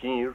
focinhos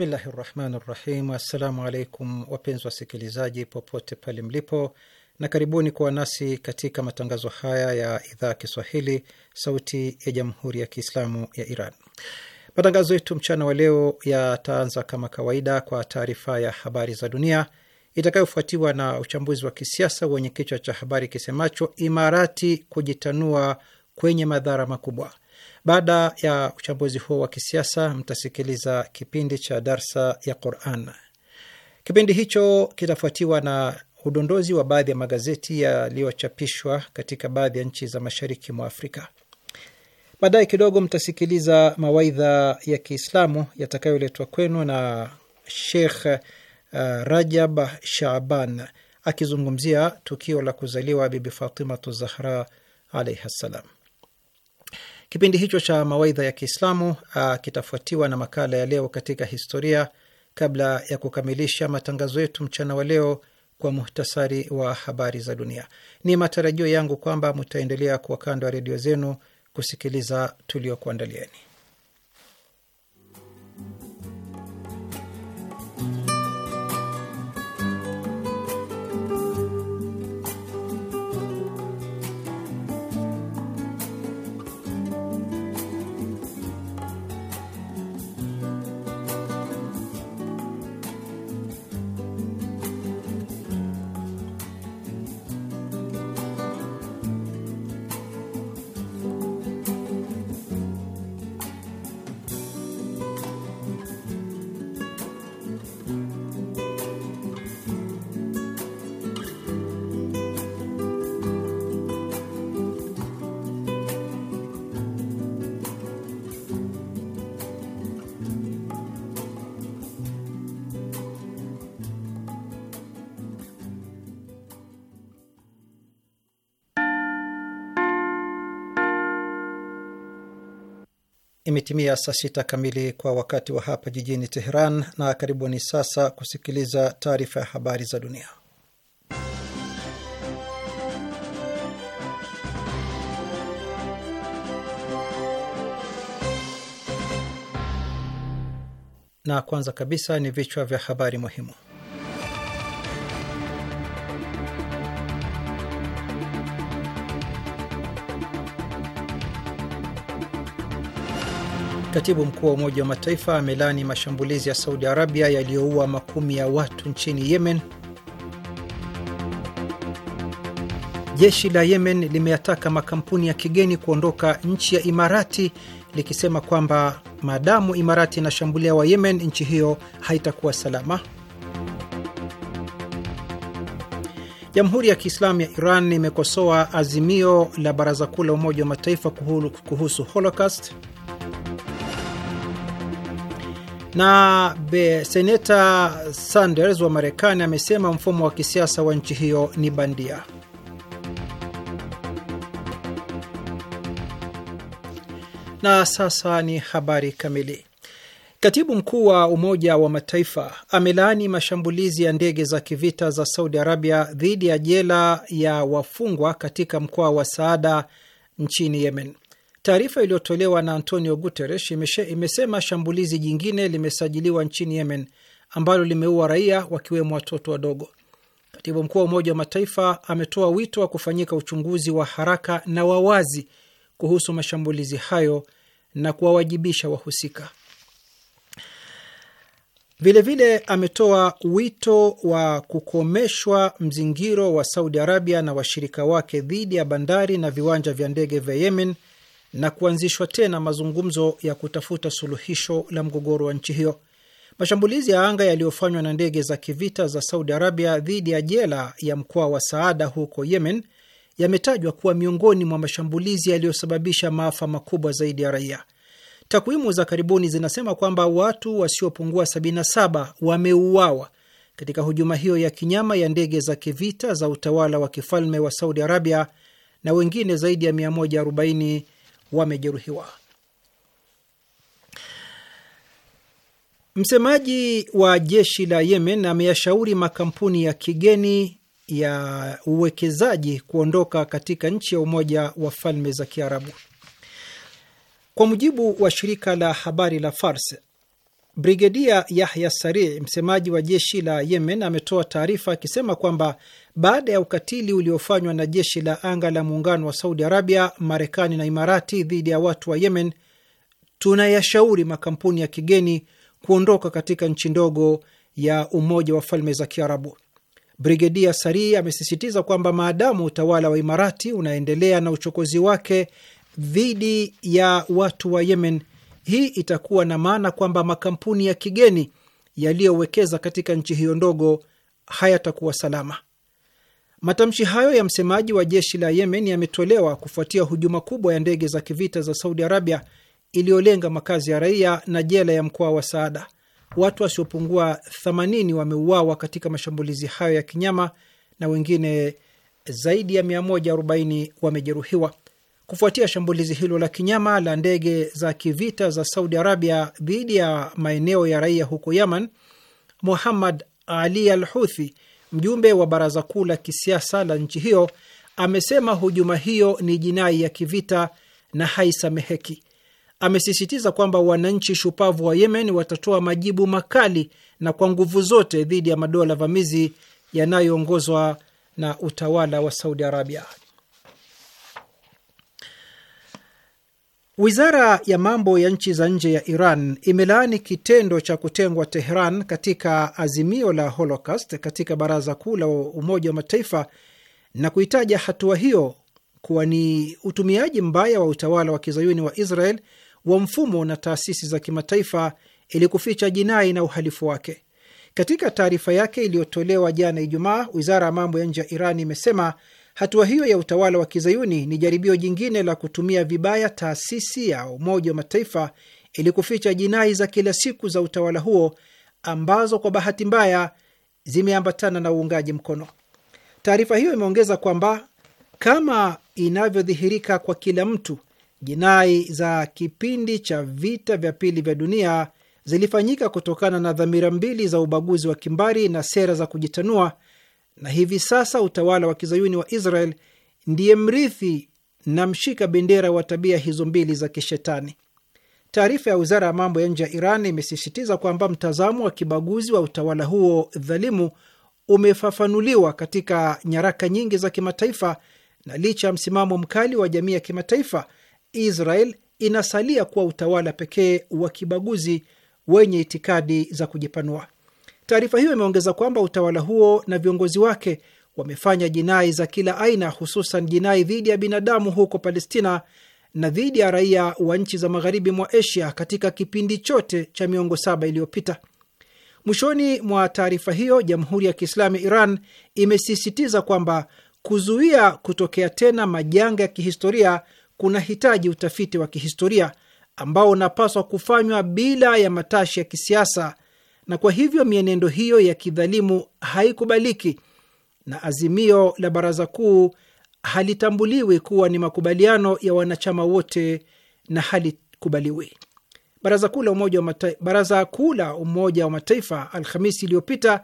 Bismillahi rahmani rahim. Assalamu alaikum wapenzi wasikilizaji popote pale mlipo, na karibuni kuwa nasi katika matangazo haya ya idhaa Kiswahili sauti ya jamhuri ya Kiislamu ya Iran. Matangazo yetu mchana wa leo yataanza kama kawaida kwa taarifa ya habari za dunia itakayofuatiwa na uchambuzi wa kisiasa wenye kichwa cha habari kisemacho Imarati kujitanua kwenye madhara makubwa baada ya uchambuzi huo wa kisiasa, mtasikiliza kipindi cha darsa ya Quran. Kipindi hicho kitafuatiwa na udondozi wa baadhi ya magazeti yaliyochapishwa katika baadhi ya nchi za mashariki mwa Afrika. Baadaye kidogo mtasikiliza mawaidha ya Kiislamu yatakayoletwa kwenu na Sheikh uh, Rajab shaban akizungumzia tukio la kuzaliwa Bibi Fatimatu Zahra alaihi ssalam. Kipindi hicho cha mawaidha ya Kiislamu ah, kitafuatiwa na makala ya leo katika historia, kabla ya kukamilisha matangazo yetu mchana wa leo kwa muhtasari wa habari za dunia. Ni matarajio yangu kwamba mtaendelea kuwa kando ya redio zenu kusikiliza tuliokuandalieni. Imetimia saa sita kamili kwa wakati wa hapa jijini Teheran, na karibuni sasa kusikiliza taarifa ya habari za dunia. Na kwanza kabisa ni vichwa vya habari muhimu. Katibu mkuu wa Umoja wa Mataifa amelaani mashambulizi ya Saudi Arabia yaliyoua makumi ya watu nchini Yemen. Jeshi la Yemen limeyataka makampuni ya kigeni kuondoka nchi ya Imarati likisema kwamba maadamu Imarati inashambulia wa Yemen, nchi hiyo haitakuwa salama. Jamhuri ya Kiislamu ya Iran imekosoa azimio la Baraza Kuu la Umoja wa Mataifa kuhusu Holocaust. Na seneta Sanders wa Marekani amesema mfumo wa kisiasa wa nchi hiyo ni bandia. Na sasa ni habari kamili. Katibu mkuu wa Umoja wa Mataifa amelaani mashambulizi ya ndege za kivita za Saudi Arabia dhidi ya jela ya wafungwa katika mkoa wa Saada nchini Yemen. Taarifa iliyotolewa na Antonio Guterres imesema shambulizi jingine limesajiliwa nchini Yemen ambalo limeua raia wakiwemo watoto wadogo. Katibu mkuu wa Umoja wa Mataifa ametoa wito wa kufanyika uchunguzi wa haraka na wawazi kuhusu mashambulizi hayo na kuwawajibisha wahusika. Vilevile ametoa wito wa kukomeshwa mzingiro wa Saudi Arabia na washirika wake dhidi ya bandari na viwanja vya ndege vya Yemen na kuanzishwa tena mazungumzo ya kutafuta suluhisho la mgogoro wa nchi hiyo. Mashambulizi ya anga yaliyofanywa na ndege za kivita za Saudi Arabia dhidi ya jela ya mkoa wa Saada huko Yemen yametajwa kuwa miongoni mwa mashambulizi yaliyosababisha maafa makubwa zaidi ya raia. Takwimu za karibuni zinasema kwamba watu wasiopungua 77 wameuawa katika hujuma hiyo ya kinyama ya ndege za kivita za utawala wa kifalme wa Saudi Arabia na wengine zaidi ya 140 wamejeruhiwa. Msemaji wa jeshi la Yemen ameyashauri makampuni ya kigeni ya uwekezaji kuondoka katika nchi ya Umoja wa Falme za Kiarabu. Kwa mujibu wa shirika la habari la Fars, Brigedia Yahya Sari, msemaji wa jeshi la Yemen, ametoa taarifa akisema kwamba baada ya ukatili uliofanywa na jeshi la anga la muungano wa Saudi Arabia, Marekani na Imarati dhidi ya watu wa Yemen, tunayashauri makampuni ya kigeni kuondoka katika nchi ndogo ya Umoja wa Falme za Kiarabu. Brigedia Sari amesisitiza kwamba maadamu utawala wa Imarati unaendelea na uchokozi wake dhidi ya watu wa Yemen, hii itakuwa na maana kwamba makampuni ya kigeni yaliyowekeza katika nchi hiyo ndogo hayatakuwa salama. Matamshi hayo ya msemaji wa jeshi la Yemen yametolewa kufuatia hujuma kubwa ya ndege za kivita za Saudi Arabia iliyolenga makazi ya raia na jela ya mkoa wa Saada. Watu wasiopungua 80 wameuawa katika mashambulizi hayo ya kinyama na wengine zaidi ya 140 wamejeruhiwa kufuatia shambulizi hilo la kinyama la ndege za kivita za Saudi Arabia dhidi ya maeneo ya raia huko Yemen. Muhammad Ali Al Huthi, Mjumbe wa baraza kuu la kisiasa la nchi hiyo amesema hujuma hiyo ni jinai ya kivita na haisameheki. Amesisitiza kwamba wananchi shupavu wa Yemen watatoa majibu makali na kwa nguvu zote dhidi ya madola vamizi yanayoongozwa na utawala wa Saudi Arabia. Wizara ya mambo ya nchi za nje ya Iran imelaani kitendo cha kutengwa Tehran katika azimio la Holocaust katika Baraza Kuu la Umoja wa Mataifa na kuitaja hatua hiyo kuwa ni utumiaji mbaya wa utawala wa kizayuni wa Israel wa mfumo na taasisi za kimataifa ili kuficha jinai na uhalifu wake. Katika taarifa yake iliyotolewa jana Ijumaa, wizara ya mambo ya nje ya Iran imesema Hatua hiyo ya utawala wa kizayuni ni jaribio jingine la kutumia vibaya taasisi ya Umoja wa Mataifa ili kuficha jinai za kila siku za utawala huo ambazo kwa bahati mbaya zimeambatana na uungaji mkono. Taarifa hiyo imeongeza kwamba kama inavyodhihirika kwa kila mtu, jinai za kipindi cha vita vya pili vya dunia zilifanyika kutokana na dhamira mbili za ubaguzi wa kimbari na sera za kujitanua na hivi sasa utawala wa kizayuni wa Israel ndiye mrithi na mshika bendera wa tabia hizo mbili za kishetani. Taarifa ya wizara ya mambo ya nje ya Iran imesisitiza kwamba mtazamo wa kibaguzi wa utawala huo dhalimu umefafanuliwa katika nyaraka nyingi za kimataifa, na licha ya msimamo mkali wa jamii ya kimataifa, Israel inasalia kuwa utawala pekee wa kibaguzi wenye itikadi za kujipanua. Taarifa hiyo imeongeza kwamba utawala huo na viongozi wake wamefanya jinai za kila aina, hususan jinai dhidi ya binadamu huko Palestina na dhidi ya raia wa nchi za magharibi mwa Asia katika kipindi chote cha miongo saba iliyopita. Mwishoni mwa taarifa hiyo, Jamhuri ya Kiislamu ya Iran imesisitiza kwamba kuzuia kutokea tena majanga ya kihistoria kunahitaji utafiti wa kihistoria ambao unapaswa kufanywa bila ya matashi ya kisiasa na kwa hivyo mienendo hiyo ya kidhalimu haikubaliki na azimio la Baraza Kuu halitambuliwi kuwa ni makubaliano ya wanachama wote na halikubaliwi. Baraza Kuu la Umoja wa Mataifa, Baraza Kuu la Umoja wa Mataifa Alhamisi iliyopita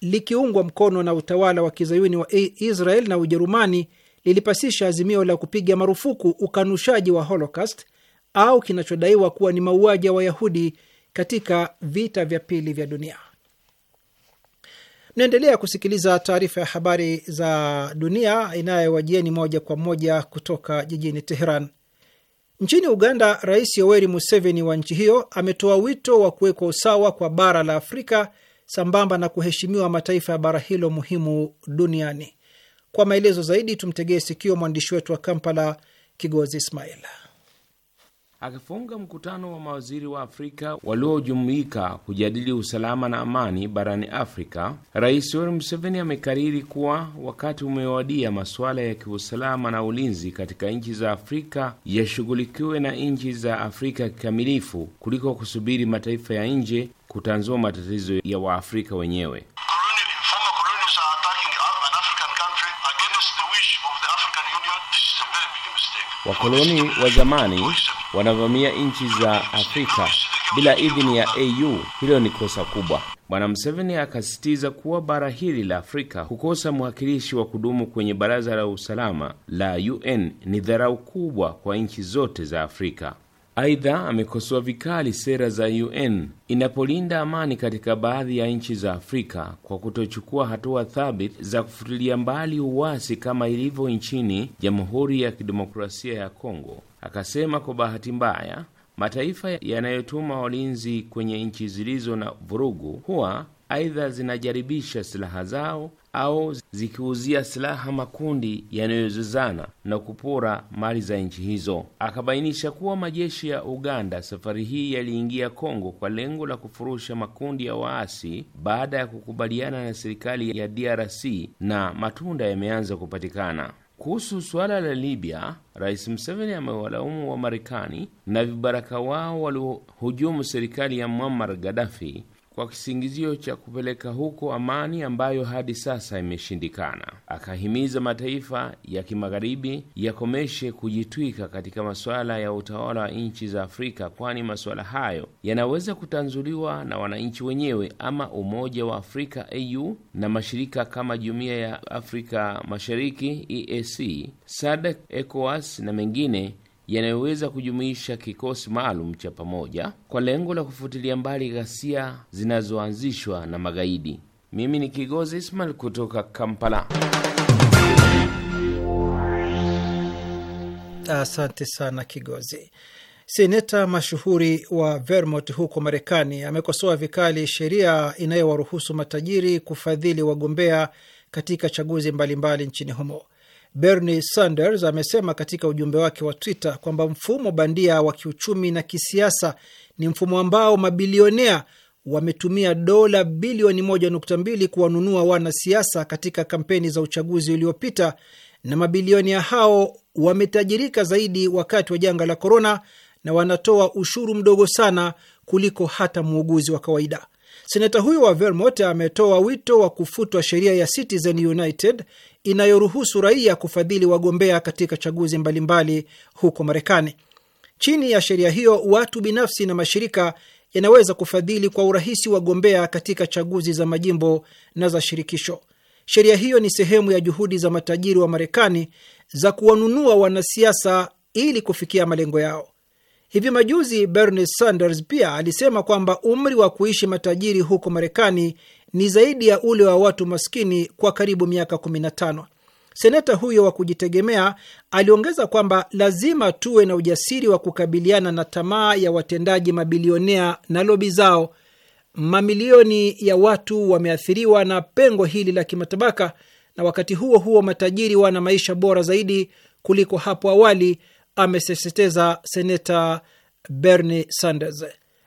likiungwa mkono na utawala wa kizayuni wa Israel na Ujerumani lilipasisha azimio la kupiga marufuku ukanushaji wa Holocaust au kinachodaiwa kuwa ni mauaji ya Wayahudi katika vita vya pili vya dunia. Mnaendelea kusikiliza taarifa ya habari za dunia inayowajieni moja kwa moja kutoka jijini Teheran. Nchini Uganda, Rais Yoweri Museveni wa nchi hiyo ametoa wito wa kuwekwa usawa kwa bara la Afrika sambamba na kuheshimiwa mataifa ya bara hilo muhimu duniani. Kwa maelezo zaidi, tumtegee sikio mwandishi wetu wa Kampala, Kigozi Ismail. Akifunga mkutano wa mawaziri wa Afrika waliojumuika kujadili usalama na amani barani Afrika, Rais Yoweri Museveni amekariri kuwa wakati umewadia masuala ya kiusalama na ulinzi katika nchi za Afrika yashughulikiwe na nchi za Afrika kikamilifu kuliko kusubiri mataifa ya nje kutanzua matatizo ya Waafrika wenyewe. wakoloni wa zamani wanavamia nchi za Afrika bila idhini ya AU. Hilo ni kosa kubwa. Bwana Museveni akasisitiza kuwa bara hili la Afrika kukosa mwakilishi wa kudumu kwenye Baraza la Usalama la UN ni dharau kubwa kwa nchi zote za Afrika. Aidha, amekosoa vikali sera za UN inapolinda amani katika baadhi ya nchi za Afrika kwa kutochukua hatua thabiti za kufutilia mbali uwasi kama ilivyo nchini Jamhuri ya Kidemokrasia ya Kongo. Akasema kwa bahati mbaya, mataifa yanayotuma walinzi kwenye nchi zilizo na vurugu huwa aidha zinajaribisha silaha zao au zikiuzia silaha makundi yanayozozana na kupora mali za nchi hizo. Akabainisha kuwa majeshi ya Uganda safari hii yaliingia Kongo kwa lengo la kufurusha makundi ya waasi baada ya kukubaliana na serikali ya DRC na matunda yameanza kupatikana. Kuhusu suala la Libya, Rais Museveni amewalaumu wa Marekani na vibaraka wao waliohujumu serikali ya Muammar Gaddafi kwa kisingizio cha kupeleka huko amani ambayo hadi sasa imeshindikana. Akahimiza mataifa ya kimagharibi yakomeshe kujitwika katika masuala ya utawala wa nchi za Afrika, kwani masuala hayo yanaweza kutanzuliwa na wananchi wenyewe ama Umoja wa Afrika au na mashirika kama Jumuiya ya Afrika Mashariki EAC, SADC, ECOWAS na mengine yanayoweza kujumuisha kikosi maalum cha pamoja kwa lengo la kufutilia mbali ghasia zinazoanzishwa na magaidi. Mimi ni Kigozi Ismail kutoka Kampala. Asante sana Kigozi. Seneta mashuhuri wa Vermont huko Marekani amekosoa vikali sheria inayowaruhusu matajiri kufadhili wagombea katika chaguzi mbalimbali mbali nchini humo. Bernie Sanders amesema katika ujumbe wake wa Twitter kwamba mfumo bandia wa kiuchumi na kisiasa ni mfumo ambao mabilionea wametumia dola bilioni 1.2 kuwanunua wanasiasa katika kampeni za uchaguzi uliopita, na mabilionea hao wametajirika zaidi wakati wa janga la korona na wanatoa ushuru mdogo sana kuliko hata muuguzi wa kawaida. Seneta huyo wa Vermont ametoa wito wa kufutwa sheria ya Citizen United inayoruhusu raia kufadhili wagombea katika chaguzi mbalimbali huko Marekani. Chini ya sheria hiyo, watu binafsi na mashirika yanaweza kufadhili kwa urahisi wagombea katika chaguzi za majimbo na za shirikisho. Sheria hiyo ni sehemu ya juhudi za matajiri wa Marekani za kuwanunua wanasiasa ili kufikia malengo yao. Hivi majuzi Bernie Sanders pia alisema kwamba umri wa kuishi matajiri huko Marekani ni zaidi ya ule wa watu maskini kwa karibu miaka 15. Seneta huyo wa kujitegemea aliongeza kwamba lazima tuwe na ujasiri wa kukabiliana na tamaa ya watendaji mabilionea na lobi zao. Mamilioni ya watu wameathiriwa na pengo hili la kimatabaka, na wakati huo huo matajiri wana maisha bora zaidi kuliko hapo awali amesisitiza seneta Bernie Sanders.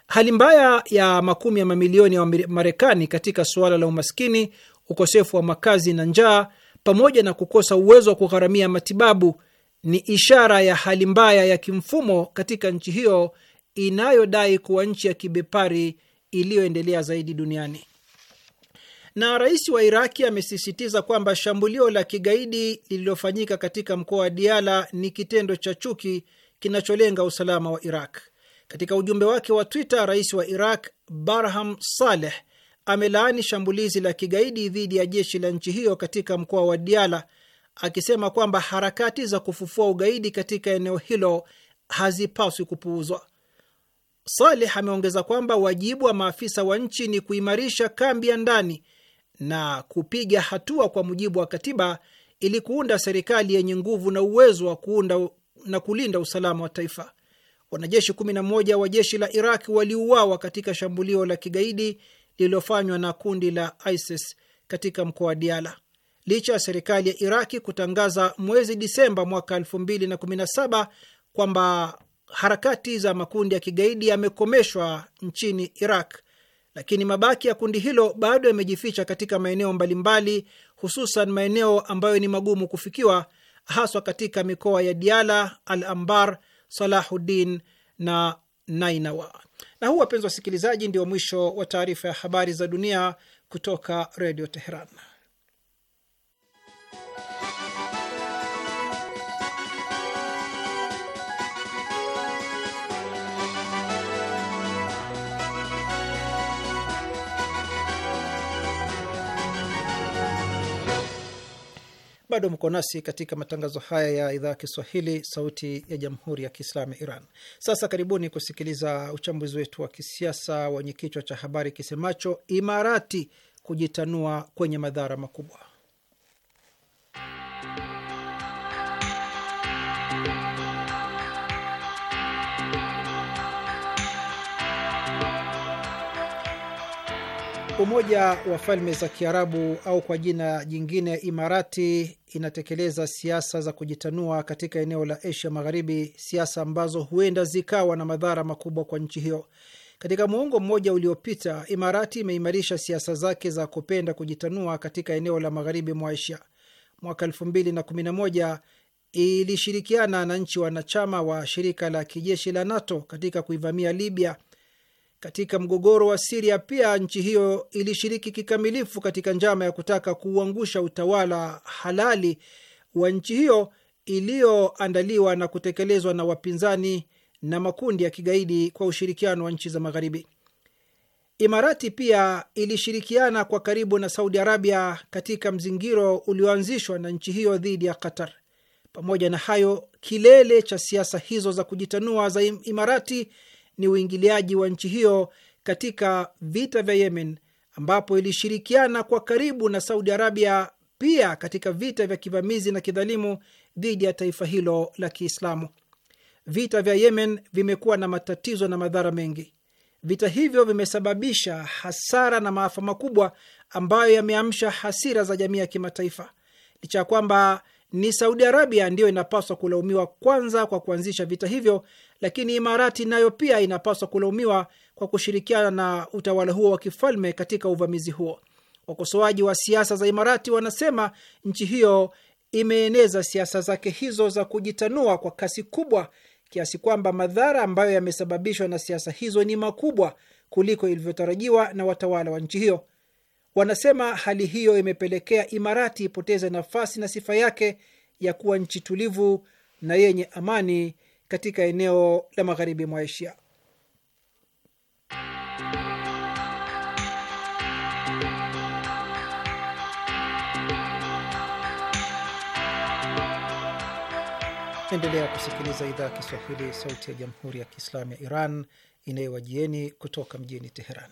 Hali mbaya ya makumi ya mamilioni ya Marekani katika suala la umaskini, ukosefu wa makazi na njaa, pamoja na kukosa uwezo wa kugharamia matibabu ni ishara ya hali mbaya ya kimfumo katika nchi hiyo inayodai kuwa nchi ya kibepari iliyoendelea zaidi duniani. Na rais wa Iraki amesisitiza kwamba shambulio la kigaidi lililofanyika katika mkoa wa diala ni kitendo cha chuki kinacholenga usalama wa Iraq. Katika ujumbe wake wa Twitter, rais wa Iraq Barham Saleh amelaani shambulizi la kigaidi dhidi ya jeshi la nchi hiyo katika mkoa wa diala akisema kwamba harakati za kufufua ugaidi katika eneo hilo hazipaswi kupuuzwa. Saleh ameongeza kwamba wajibu wa maafisa wa nchi ni kuimarisha kambi ya ndani na kupiga hatua kwa mujibu wa katiba ili kuunda serikali yenye nguvu na uwezo wa kuunda na kulinda usalama wa taifa. Wanajeshi 11 wa jeshi la Iraq waliuawa katika shambulio la kigaidi lililofanywa na kundi la ISIS katika mkoa wa Diala. Licha ya serikali ya Iraki kutangaza mwezi Disemba mwaka 2017 kwamba harakati za makundi ya kigaidi yamekomeshwa nchini Iraq, lakini mabaki ya kundi hilo bado yamejificha katika maeneo mbalimbali, hususan maeneo ambayo ni magumu kufikiwa, haswa katika mikoa ya Diala, Al Ambar, Salahuddin na Nainawa. Na huu, wapenzi wasikilizaji, ndio mwisho wa taarifa ya habari za dunia kutoka Redio Teheran. Bado mko nasi katika matangazo haya ya idhaa ya Kiswahili, sauti ya jamhuri ya kiislamu Iran. Sasa karibuni kusikiliza uchambuzi wetu wa kisiasa wenye kichwa cha habari kisemacho Imarati kujitanua kwenye madhara makubwa. Umoja wa Falme za Kiarabu au kwa jina jingine Imarati inatekeleza siasa za kujitanua katika eneo la Asia Magharibi, siasa ambazo huenda zikawa na madhara makubwa kwa nchi hiyo. Katika muongo mmoja uliopita, Imarati imeimarisha siasa zake za kupenda kujitanua katika eneo la magharibi mwa Asia. Mwaka 2011 ilishirikiana na nchi wanachama wa shirika la kijeshi la NATO katika kuivamia Libya katika mgogoro wa Siria pia nchi hiyo ilishiriki kikamilifu katika njama ya kutaka kuuangusha utawala halali wa nchi hiyo iliyoandaliwa na kutekelezwa na wapinzani na makundi ya kigaidi kwa ushirikiano wa nchi za Magharibi. Imarati pia ilishirikiana kwa karibu na Saudi Arabia katika mzingiro ulioanzishwa na nchi hiyo dhidi ya Qatar. Pamoja na hayo, kilele cha siasa hizo za kujitanua za Imarati ni uingiliaji wa nchi hiyo katika vita vya Yemen, ambapo ilishirikiana kwa karibu na Saudi Arabia pia katika vita vya kivamizi na kidhalimu dhidi ya taifa hilo la Kiislamu. Vita vya Yemen vimekuwa na matatizo na madhara mengi. Vita hivyo vimesababisha hasara na maafa makubwa ambayo yameamsha hasira za jamii ya kimataifa, licha ya kwamba ni Saudi Arabia ndiyo inapaswa kulaumiwa kwanza kwa kuanzisha vita hivyo, lakini Imarati nayo pia inapaswa kulaumiwa kwa kushirikiana na utawala huo wa kifalme katika uvamizi huo. Wakosoaji wa siasa za Imarati wanasema nchi hiyo imeeneza siasa zake hizo za kujitanua kwa kasi kubwa kiasi kwamba madhara ambayo yamesababishwa na siasa hizo ni makubwa kuliko ilivyotarajiwa na watawala wa nchi hiyo. Wanasema hali hiyo imepelekea Imarati ipoteze nafasi na sifa yake ya kuwa nchi tulivu na yenye amani katika eneo la magharibi mwa Asia. Endelea kusikiliza idhaa ya Kiswahili, sauti ya jamhuri ya kiislamu ya Iran inayowajieni kutoka mjini Teheran.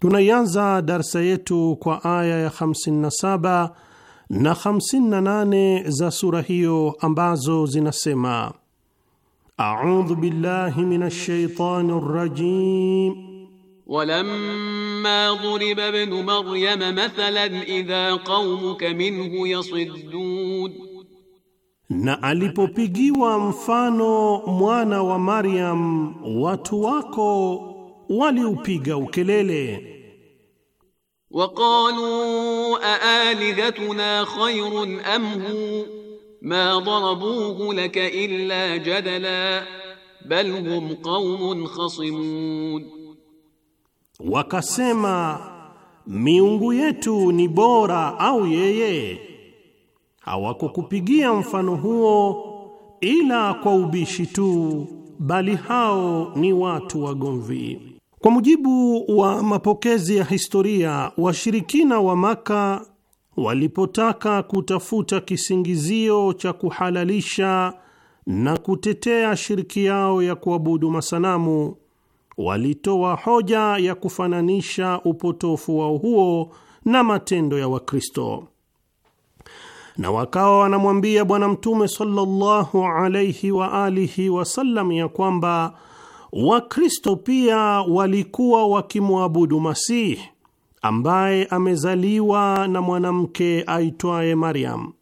Tunaianza darsa yetu kwa aya ya 57 na 58 za sura hiyo ambazo zinasema: audhu billahi minash shaitani rajim Walamma dhuriba ibnu Maryama mathalan idha qaumuka minhu yasiddun, na alipopigiwa mfano mwana wa Maryam watu wako waliupiga ukelele. Waqalu aalihatuna khayrun am hu ma darabuhu laka illa jadala bal hum qaumun khasimun, wakasema miungu yetu ni bora au yeye? Hawakukupigia mfano huo ila kwa ubishi tu, bali hao ni watu wagomvi. Kwa mujibu wa mapokezi ya historia, washirikina wa Maka walipotaka kutafuta kisingizio cha kuhalalisha na kutetea shiriki yao ya kuabudu masanamu, walitoa hoja ya kufananisha upotofu wao huo na matendo ya Wakristo, na wakawa wanamwambia Bwana Mtume sallallahu alaihi wa alihi wasallam ya kwamba Wakristo pia walikuwa wakimwabudu Masihi ambaye amezaliwa na mwanamke aitwaye Mariam.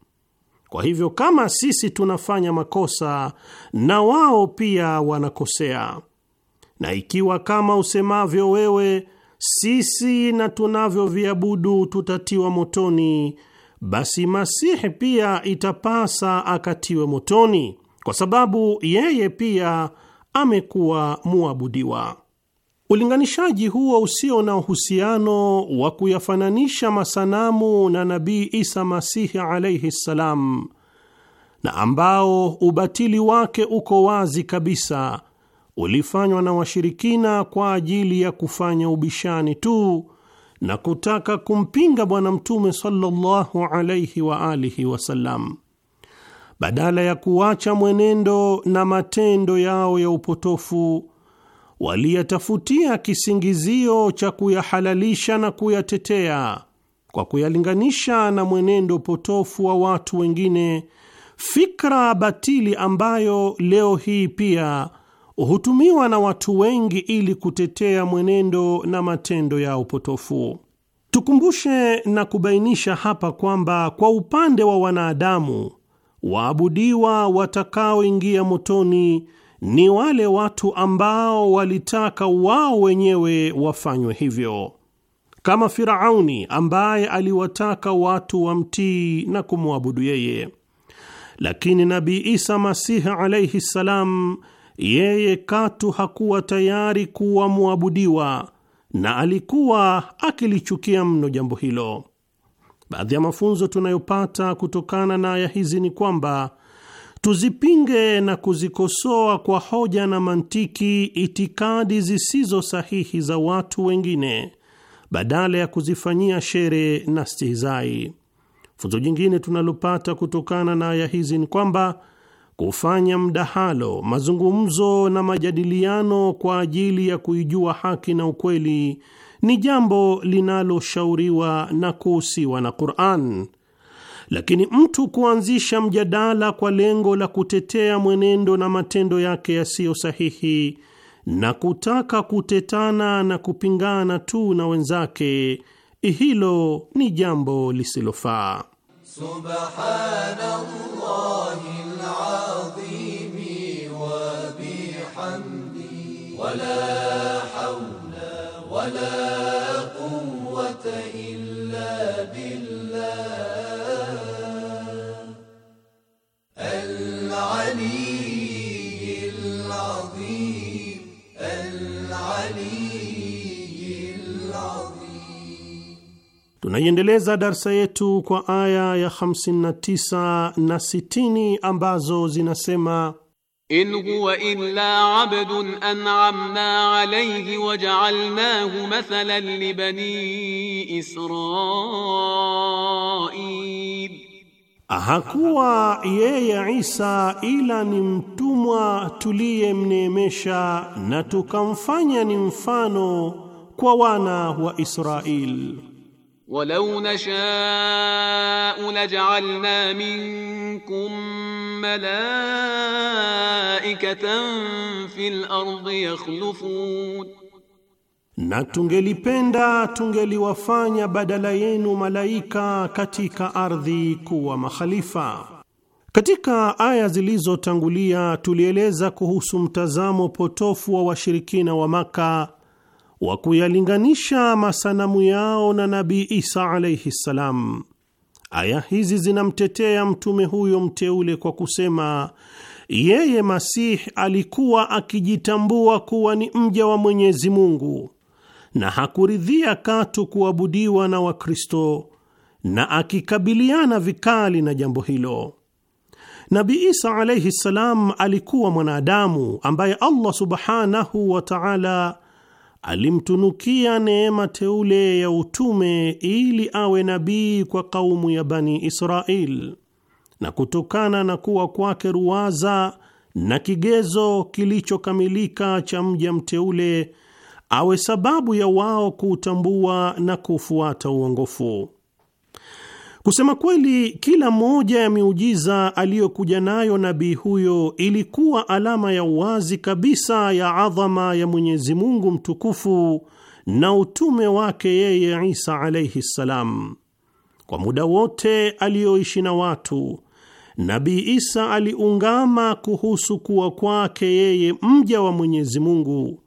Kwa hivyo, kama sisi tunafanya makosa na wao pia wanakosea, na ikiwa kama usemavyo wewe, sisi na tunavyoviabudu tutatiwa motoni, basi Masihi pia itapasa akatiwe motoni, kwa sababu yeye pia amekuwa mwabudiwa. Ulinganishaji huo usio na uhusiano wa kuyafananisha masanamu na Nabii Isa Masihi alaihi ssalam, na ambao ubatili wake uko wazi kabisa, ulifanywa na washirikina kwa ajili ya kufanya ubishani tu na kutaka kumpinga Bwana Mtume sallallahu alaihi waalihi wasallam badala ya kuacha mwenendo na matendo yao ya upotofu, waliyatafutia kisingizio cha kuyahalalisha na kuyatetea kwa kuyalinganisha na mwenendo potofu wa watu wengine, fikra batili ambayo leo hii pia hutumiwa na watu wengi ili kutetea mwenendo na matendo ya upotofu Tukumbushe na kubainisha hapa kwamba kwa upande wa wanadamu waabudiwa watakaoingia motoni ni wale watu ambao walitaka wao wenyewe wafanywe hivyo, kama Firauni ambaye aliwataka watu wamtii na kumwabudu yeye. Lakini Nabii Isa Masihi alaihi ssalam, yeye katu hakuwa tayari kuwa mwabudiwa na alikuwa akilichukia mno jambo hilo. Baadhi ya mafunzo tunayopata kutokana na aya hizi ni kwamba tuzipinge na kuzikosoa kwa hoja na mantiki itikadi zisizo sahihi za watu wengine badala ya kuzifanyia shere na stihizai. Funzo jingine tunalopata kutokana na aya hizi ni kwamba kufanya mdahalo, mazungumzo na majadiliano kwa ajili ya kuijua haki na ukweli ni jambo linaloshauriwa na kuhusiwa na Qur'an, lakini mtu kuanzisha mjadala kwa lengo la kutetea mwenendo na matendo yake yasiyo sahihi na kutaka kutetana na kupingana tu na wenzake, hilo ni jambo lisilofaa. Subhanallah. Tunaiendeleza darsa yetu kwa aya ya 59 na 60 ambazo zinasema in huwa illa abdun an'amna alayhi waja'alnahu mathalan li bani Israil, hakuwa yeye Isa ila ni mtumwa tuliyemneemesha na tukamfanya ni mfano kwa wana wa Israil. Walau nashau laj'alna minkum malaikatan fil ardi yakhlufun, na tungelipenda tungeliwafanya badala yenu malaika katika ardhi kuwa makhalifa. Katika aya zilizotangulia tulieleza kuhusu mtazamo potofu wa washirikina wa Maka wa kuyalinganisha masanamu yao na Nabii Isa alaihi ssalam. Aya hizi zinamtetea mtume huyo mteule kwa kusema yeye Masih alikuwa akijitambua kuwa ni mja wa Mwenyezi Mungu na hakuridhia katu kuabudiwa na Wakristo na akikabiliana vikali na jambo hilo. Nabi Isa alaihi ssalam alikuwa mwanadamu ambaye Allah subhanahu wa taala alimtunukia neema teule ya utume ili awe nabii kwa kaumu ya Bani Israel, na kutokana na kuwa kwake ruwaza na kigezo kilichokamilika cha mja mteule, awe sababu ya wao kuutambua na kufuata uongofu. Kusema kweli, kila moja ya miujiza aliyokuja nayo nabii huyo ilikuwa alama ya uwazi kabisa ya adhama ya Mwenyezi Mungu mtukufu na utume wake yeye Isa alaihi ssalam. Kwa muda wote aliyoishi na watu, nabii Isa aliungama kuhusu kuwa kwake yeye mja wa Mwenyezi Mungu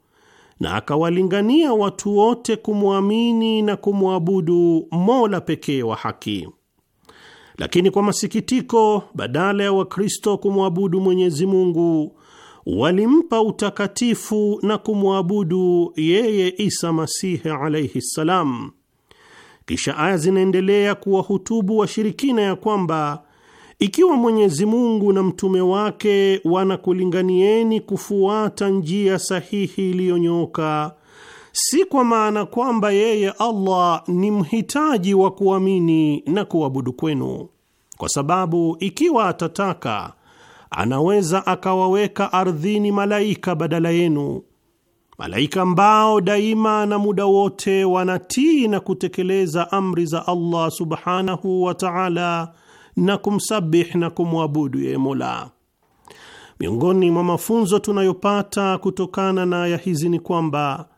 na akawalingania watu wote kumwamini na kumwabudu Mola pekee wa haki. Lakini kwa masikitiko, badala ya Wakristo kumwabudu Mwenyezi Mungu, walimpa utakatifu na kumwabudu yeye Isa Masihi alaihi ssalam. Kisha aya zinaendelea kuwahutubu washirikina ya kwamba ikiwa Mwenyezi Mungu na mtume wake wanakulinganieni kufuata njia sahihi iliyonyooka si kwa maana kwamba yeye Allah ni mhitaji wa kuamini na kuabudu kwenu, kwa sababu ikiwa atataka anaweza akawaweka ardhini malaika badala yenu, malaika ambao daima na muda wote wanatii na kutekeleza amri za Allah subhanahu wa ta'ala na kumsabih na kumwabudu yeye Mola. Miongoni mwa mafunzo tunayopata kutokana na aya hizi ni kwamba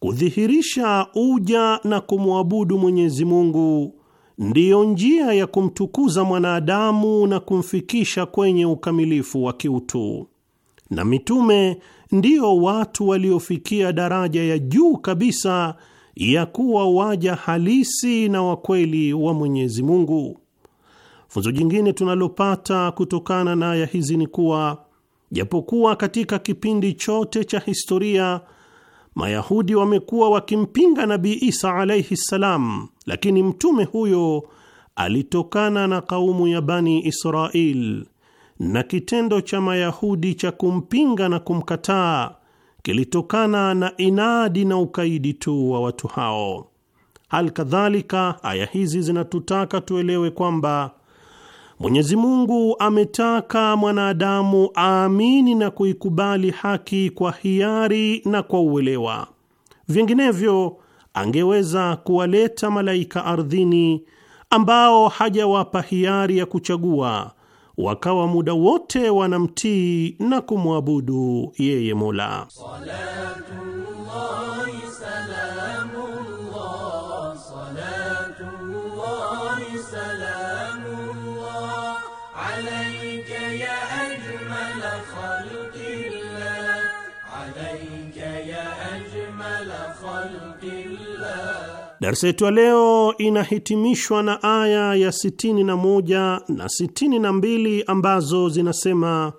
kudhihirisha uja na kumwabudu Mwenyezi Mungu ndiyo njia ya kumtukuza mwanadamu na kumfikisha kwenye ukamilifu wa kiutu, na mitume ndiyo watu waliofikia daraja ya juu kabisa ya kuwa waja halisi na wakweli wa Mwenyezi Mungu. Funzo jingine tunalopata kutokana na aya hizi ni kuwa japokuwa katika kipindi chote cha historia Mayahudi wamekuwa wakimpinga Nabii Isa alaihi ssalam, lakini mtume huyo alitokana na kaumu ya Bani Israil, na kitendo cha Mayahudi cha kumpinga na kumkataa kilitokana na inadi na ukaidi tu wa watu hao. Hal kadhalika aya hizi zinatutaka tuelewe kwamba Mwenyezi Mungu ametaka mwanadamu aamini na kuikubali haki kwa hiari na kwa uelewa, vinginevyo angeweza kuwaleta malaika ardhini ambao hajawapa hiari ya kuchagua, wakawa muda wote wanamtii na kumwabudu yeye Mola Salatullah. Darsa yetu ya leo inahitimishwa na aya ya 61 na 62 ambazo zinasema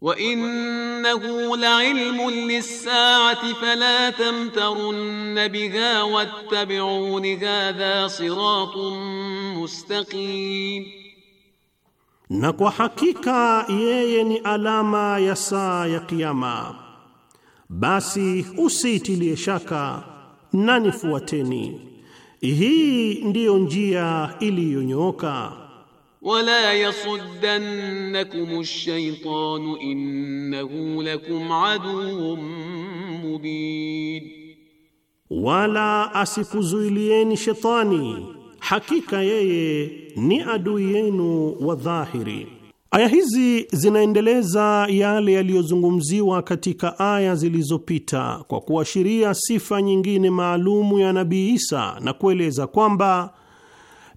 wa innahu la'ilmun lis-sa'ati fala tamtarunna biha wattabi'uni hadha siratun mustaqim, na kwa hakika yeye ni alama ya saa ya Kiyama, basi usiitilie shaka na nifuateni. Hii ndiyo njia iliyonyooka. Wala yasuddannakum ash-shaytanu innahu lakum aduwwun mubin, wala asikuzuilieni shetani, hakika yeye ni adui yenu wa dhahiri. Aya hizi zinaendeleza yale yaliyozungumziwa katika aya zilizopita kwa kuashiria sifa nyingine maalumu ya Nabii Isa na kueleza kwamba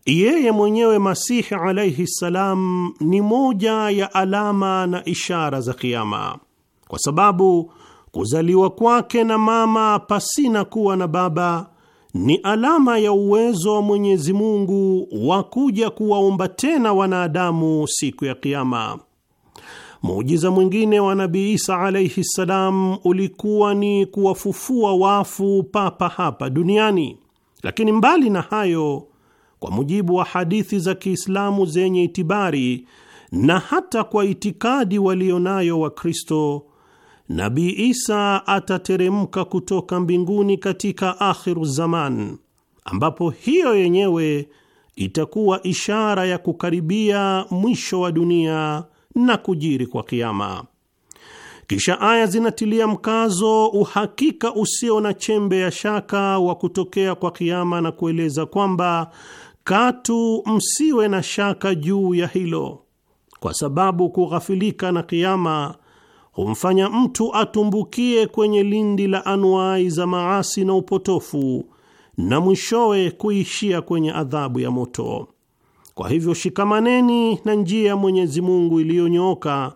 yeye mwenyewe Masihi alaihi ssalam ni moja ya alama na ishara za Kiama, kwa sababu kuzaliwa kwake na mama pasina kuwa na baba ni alama ya uwezo wa Mwenyezi Mungu wa kuja kuwaumba tena wanadamu siku ya Kiama. Muujiza mwingine wa Nabii Isa alaihi ssalam ulikuwa ni kuwafufua wafu papa hapa duniani. Lakini mbali na hayo, kwa mujibu wa hadithi za Kiislamu zenye itibari na hata kwa itikadi walionayo Wakristo, Nabii Isa atateremka kutoka mbinguni katika akhiru zaman, ambapo hiyo yenyewe itakuwa ishara ya kukaribia mwisho wa dunia na kujiri kwa kiama. Kisha aya zinatilia mkazo uhakika usio na chembe ya shaka wa kutokea kwa kiama na kueleza kwamba katu msiwe na shaka juu ya hilo, kwa sababu kughafilika na kiama humfanya mtu atumbukie kwenye lindi la anwai za maasi na upotofu na mwishowe kuishia kwenye adhabu ya moto. Kwa hivyo, shikamaneni na njia ya Mwenyezi Mungu iliyonyooka,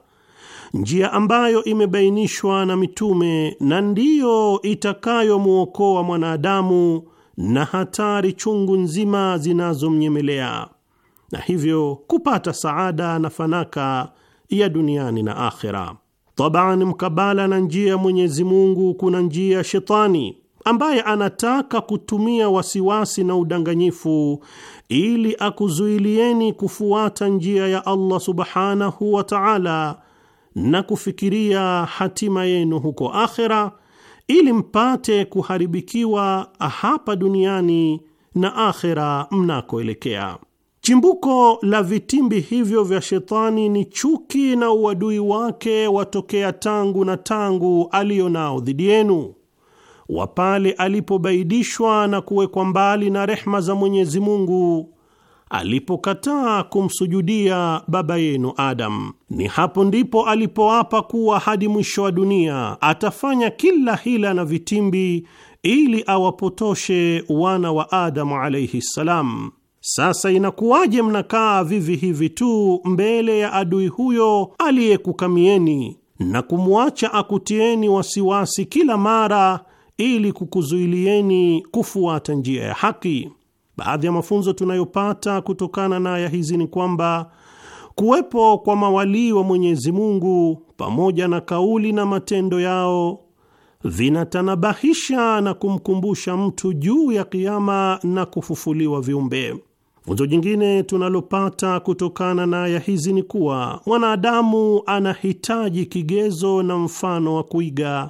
njia ambayo imebainishwa na mitume na ndiyo itakayomwokoa mwanadamu na hatari chungu nzima zinazomnyemelea na hivyo kupata saada na fanaka ya duniani na akhera. Tabani, mkabala na njia ya Mwenyezi Mungu kuna njia ya shetani ambaye anataka kutumia wasiwasi na udanganyifu ili akuzuilieni kufuata njia ya Allah subhanahu wa ta'ala na kufikiria hatima yenu huko akhera, ili mpate kuharibikiwa hapa duniani na akhera mnakoelekea. Chimbuko la vitimbi hivyo vya shetani ni chuki na uadui wake watokea tangu na tangu aliyo nao dhidi yenu, wa pale alipobaidishwa na kuwekwa mbali na rehma za Mwenyezi Mungu alipokataa kumsujudia baba yenu Adam. Ni hapo ndipo alipoapa kuwa hadi mwisho wa dunia atafanya kila hila na vitimbi ili awapotoshe wana wa Adamu alaihi ssalam. Sasa inakuwaje mnakaa vivi hivi tu mbele ya adui huyo aliyekukamieni na kumwacha akutieni wasiwasi kila mara ili kukuzuilieni kufuata njia ya haki? Baadhi ya mafunzo tunayopata kutokana na aya hizi ni kwamba kuwepo kwa mawalii wa Mwenyezi Mungu pamoja na kauli na matendo yao vinatanabahisha na kumkumbusha mtu juu ya kiama na kufufuliwa viumbe. Funzo jingine tunalopata kutokana na aya hizi ni kuwa mwanadamu anahitaji kigezo na mfano wa kuiga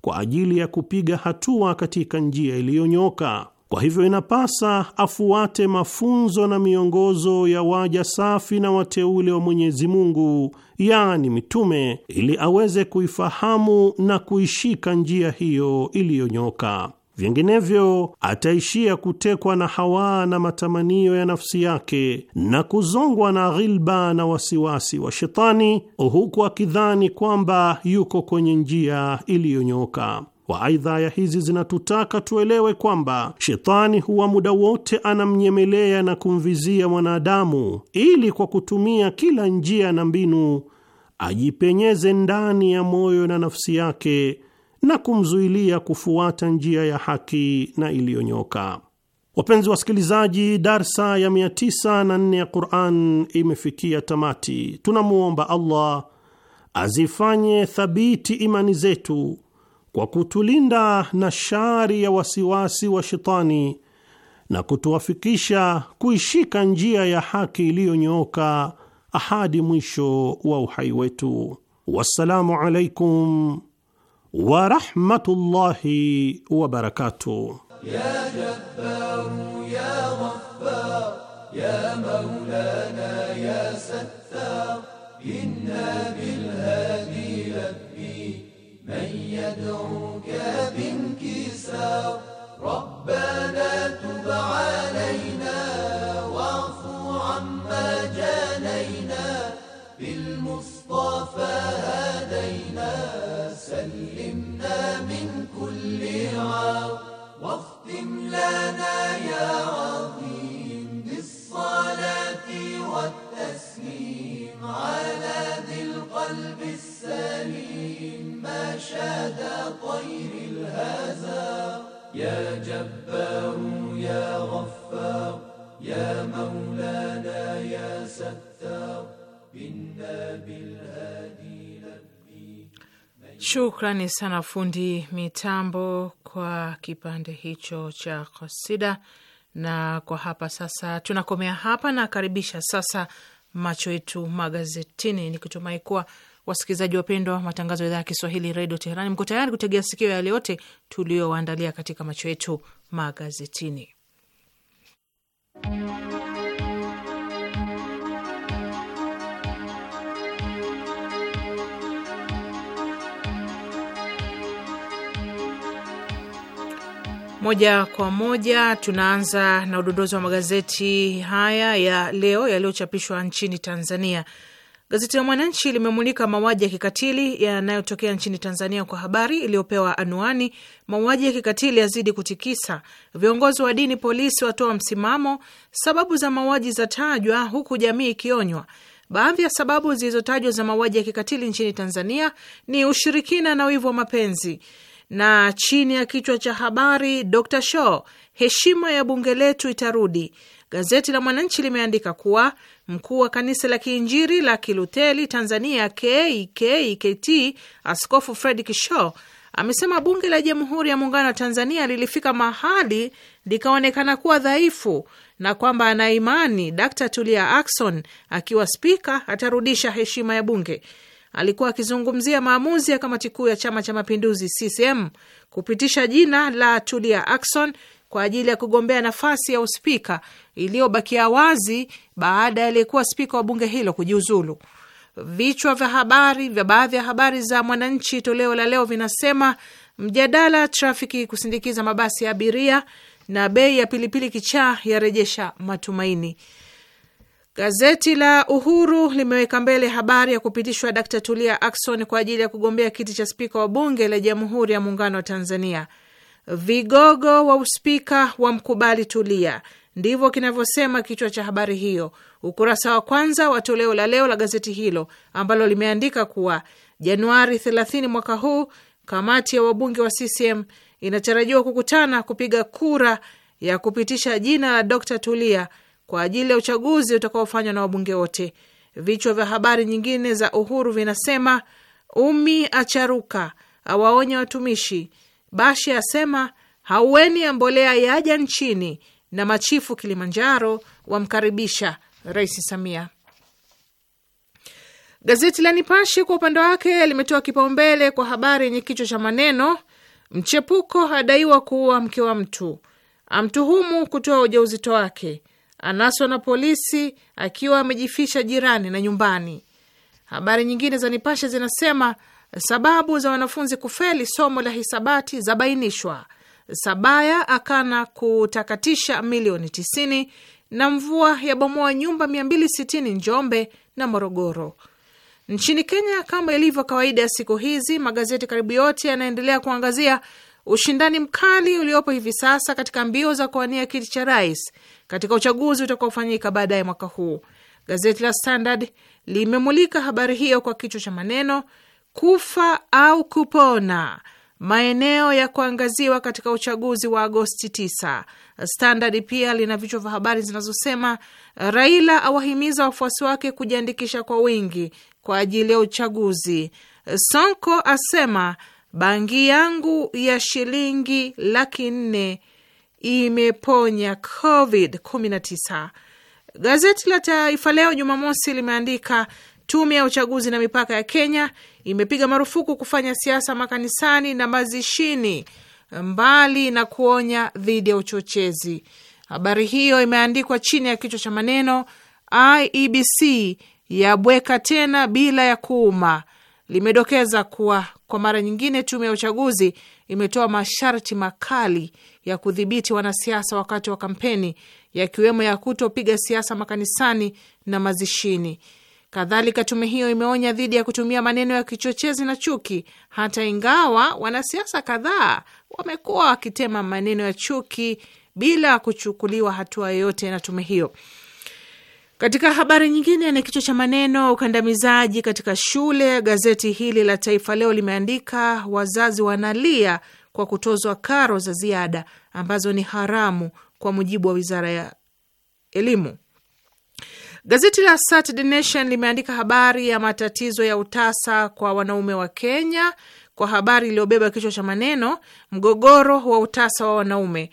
kwa ajili ya kupiga hatua katika njia iliyonyoka. Kwa hivyo, inapasa afuate mafunzo na miongozo ya waja safi na wateule wa Mwenyezi Mungu, yaani mitume, ili aweze kuifahamu na kuishika njia hiyo iliyonyoka. Vinginevyo ataishia kutekwa na hawa na matamanio ya nafsi yake na kuzongwa na ghilba na wasiwasi wa shetani, huku akidhani kwamba yuko kwenye njia iliyonyooka. Aidha, aya hizi zinatutaka tuelewe kwamba shetani huwa muda wote anamnyemelea na kumvizia mwanadamu, ili kwa kutumia kila njia na mbinu ajipenyeze ndani ya moyo na nafsi yake na kumzuilia kufuata njia ya haki na iliyonyoka. Wapenzi wasikilizaji, darsa ya 94 ya Quran imefikia tamati. Tunamwomba Allah azifanye thabiti imani zetu kwa kutulinda na shari ya wasiwasi wa shetani na kutuwafikisha kuishika njia ya haki iliyonyooka hadi mwisho wa uhai wetu. Wassalamu alaikum ورحمة الله وبركاته يا جبار يا غفار يا مولانا يا ستار إنا بالهادي لبي من يدعوك بانكسار ربنا تب علينا واعف عما جانينا بالمصطفى هدينا سلمنا من كل عار واختم لنا يا عظيم Shukrani sana fundi mitambo kwa kipande hicho cha kosida, na kwa hapa sasa tunakomea hapa. Nakaribisha sasa macho yetu magazetini, nikitumai kuwa wasikilizaji wapendwa, matangazo ya idhaa ya Kiswahili redio Teherani, mko tayari kutegea sikio yale yote tuliyowaandalia katika macho yetu magazetini. Moja kwa moja tunaanza na udondozi wa magazeti haya ya leo yaliyochapishwa nchini Tanzania. Gazeti la Mwananchi limemulika mauaji ya kikatili yanayotokea nchini Tanzania kwa habari iliyopewa anuani, mauaji ya kikatili yazidi kutikisa, viongozi wa dini, polisi watoa msimamo, sababu za mauaji zatajwa, huku jamii ikionywa. Baadhi ya sababu zilizotajwa za mauaji ya kikatili nchini Tanzania ni ushirikina na wivu wa mapenzi na chini ya kichwa cha habari Dr Shaw, heshima ya bunge letu itarudi, gazeti la Mwananchi limeandika kuwa mkuu wa kanisa la kiinjiri la kiluteli Tanzania KKKT e e Askofu Fredrick Shaw amesema bunge la Jamhuri ya Muungano wa Tanzania lilifika mahali likaonekana kuwa dhaifu na kwamba ana imani Tulia Ackson akiwa spika atarudisha heshima ya bunge alikuwa akizungumzia maamuzi ya kamati kuu ya chama cha mapinduzi CCM kupitisha jina la Tulia Ackson kwa ajili ya kugombea nafasi ya uspika iliyobakia wazi baada ya aliyekuwa spika wa bunge hilo kujiuzulu. Vichwa vya habari vya baadhi ya habari za Mwananchi toleo la leo vinasema: mjadala trafiki kusindikiza mabasi ya abiria, na bei ya pilipili kichaa yarejesha matumaini. Gazeti la Uhuru limeweka mbele habari ya kupitishwa Dkt Tulia Akson kwa ajili ya kugombea kiti cha spika wa bunge la Jamhuri ya Muungano wa Tanzania. Vigogo wa uspika wamkubali Tulia, ndivyo kinavyosema kichwa cha habari hiyo, ukurasa wa kwanza wa toleo la leo la gazeti hilo, ambalo limeandika kuwa Januari 30 mwaka huu kamati ya wabunge wa CCM inatarajiwa kukutana kupiga kura ya kupitisha jina la Dkt Tulia kwa ajili ya uchaguzi utakaofanywa na wabunge wote. Vichwa vya habari nyingine za Uhuru vinasema Umi acharuka awaonya watumishi, Bashi asema haueni ya mbolea yaja nchini, na machifu Kilimanjaro wamkaribisha Rais Samia. Gazeti la Nipashe kwa upande wake limetoa kipaumbele kwa habari yenye kichwa cha maneno mchepuko adaiwa kuua mke wa mtu, amtuhumu kutoa ujauzito wake, anaswa na polisi akiwa amejificha jirani na nyumbani. Habari nyingine za Nipashe zinasema sababu za wanafunzi kufeli somo la hisabati zabainishwa, Sabaya akana kutakatisha milioni 90, na mvua yabomoa nyumba 260 Njombe na Morogoro. Nchini Kenya, kama ilivyo kawaida ya siku hizi, magazeti karibu yote yanaendelea kuangazia ushindani mkali uliopo hivi sasa katika mbio za kuwania kiti cha rais katika uchaguzi utakaofanyika baadaye mwaka huu. Gazeti la Standard limemulika habari hiyo kwa kichwa cha maneno kufa au kupona, maeneo ya kuangaziwa katika uchaguzi wa Agosti 9. Standard pia lina vichwa vya habari zinazosema Raila awahimiza wafuasi wake kujiandikisha kwa wingi kwa ajili ya uchaguzi. Sonko asema bangi yangu ya shilingi laki nne imeponya Covid 19. Gazeti la Taifa Leo Jumamosi limeandika tume ya uchaguzi na mipaka ya Kenya imepiga marufuku kufanya siasa makanisani na mazishini, mbali na kuonya dhidi ya uchochezi. Habari hiyo imeandikwa chini ya kichwa cha maneno IEBC yabweka tena bila ya kuuma. Limedokeza kuwa kwa mara nyingine tume ya uchaguzi imetoa masharti makali ya kudhibiti wanasiasa wakati wa kampeni, yakiwemo ya kutopiga siasa makanisani na mazishini. Kadhalika, tume hiyo imeonya dhidi ya kutumia maneno ya kichochezi na chuki, hata ingawa wanasiasa kadhaa wamekuwa wakitema maneno ya chuki bila kuchukuliwa hatua yoyote na tume hiyo. Katika habari nyingine na kichwa cha maneno ukandamizaji katika shule, gazeti hili la Taifa Leo limeandika wazazi wanalia kwa kutozwa karo za ziada ambazo ni haramu kwa mujibu wa wizara ya elimu. Gazeti la Saturday Nation limeandika habari ya matatizo ya utasa kwa wanaume wa Kenya, kwa habari iliyobeba kichwa cha maneno mgogoro wa utasa wa wanaume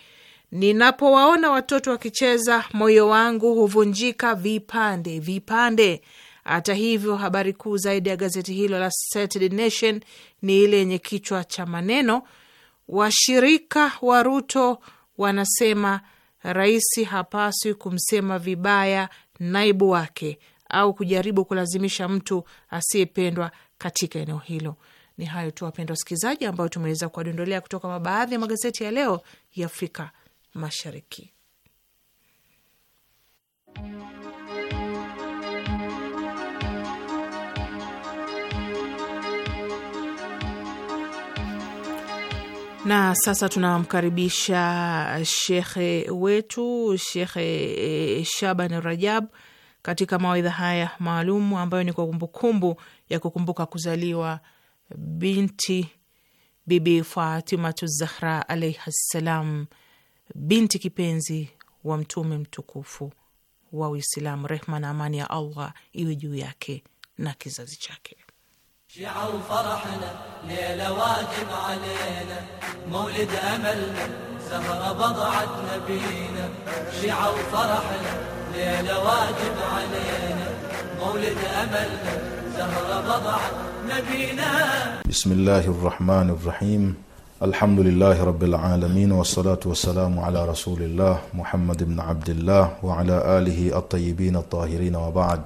Ninapowaona watoto wakicheza, moyo wangu huvunjika vipande vipande. Hata hivyo, habari kuu zaidi ya gazeti hilo la Saturday Nation ni ile yenye kichwa cha maneno washirika wa Ruto wanasema rais hapaswi kumsema vibaya naibu wake au kujaribu kulazimisha mtu asiyependwa katika eneo hilo. Ni hayo tu, wapendwa wasikilizaji, ambayo tumeweza kuwadondolea kutoka mabaadhi ya magazeti ya leo ya Afrika Mashariki. Na sasa tunamkaribisha shekhe wetu Shekhe e, Shaban Rajab katika mawaidha haya maalumu ambayo ni kwa kumbukumbu ya kukumbuka kuzaliwa binti Bibi Fatimatu Zahra alaihi ssalam binti kipenzi wa mtume mtukufu wa Uislamu, rehma na amani ya Allah iwe juu yake na kizazi chake. شعل فرحنا ليلة واجب علينا مولد أملنا زهرة بضعت نبينا شعل فرحنا ليلة واجب علينا مولد أملنا زهرة بضعت نبينا بسم الله الرحمن الرحيم الحمد لله رب العالمين والصلاة والسلام على رسول الله محمد بن عبد الله وعلى آله الطيبين الطاهرين وبعد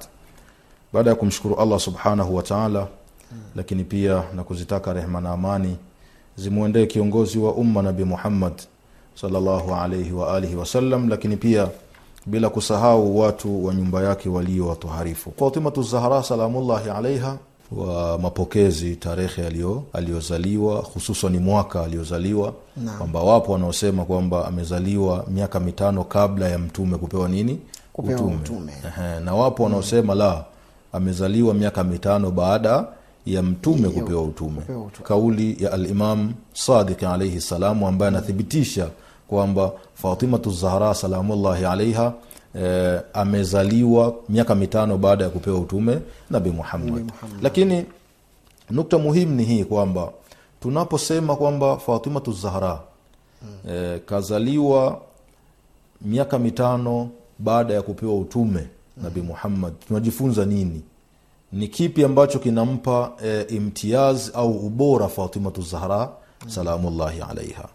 بعد ya kumshukuru allah subhanahu wa lakini pia na kuzitaka rehma na amani zimwendee kiongozi wa umma nabi muhammad salllahu alaihi waalihi wasallam lakini pia bila kusahau watu wa nyumba yake walio watoharifu fatimatu zahra salamullahi alaiha wa mapokezi tarehe aliyozaliwa hususan ni mwaka aliyozaliwa, kwamba wapo wanaosema kwamba amezaliwa miaka mitano kabla ya mtume kupewa nini, kupewa utume, Ehe, na wapo wanaosema la amezaliwa miaka mitano baada ya mtume kupewa utume, kauli ya Alimam Sadiq alaihi salamu ambaye anathibitisha kwamba Fatimatu Zahra salamullahi alaiha e, amezaliwa miaka mitano baada ya kupewa utume nabi Muhammad. Lakini nukta muhimu ni hii kwamba tunaposema kwamba Fatimatu Zahra hmm. e, kazaliwa miaka mitano baada ya kupewa utume hmm. Muhammad, tunajifunza nini? Ni kipi ambacho kinampa e, imtiaz au ubora Fatimatu Zahra hmm. salamullahi alaiha.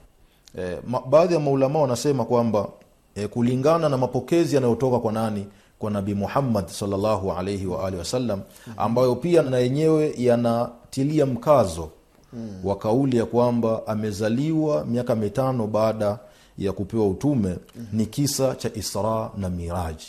E, baadhi ya maulama wanasema kwamba e, kulingana na mapokezi yanayotoka kwa nani kwa nabii Muhammad sallallahu alaihi wasallam ambayo pia na yenyewe yanatilia mkazo wa kauli ya kwamba amezaliwa miaka mitano baada ya kupewa utume ni kisa cha Isra na Miraji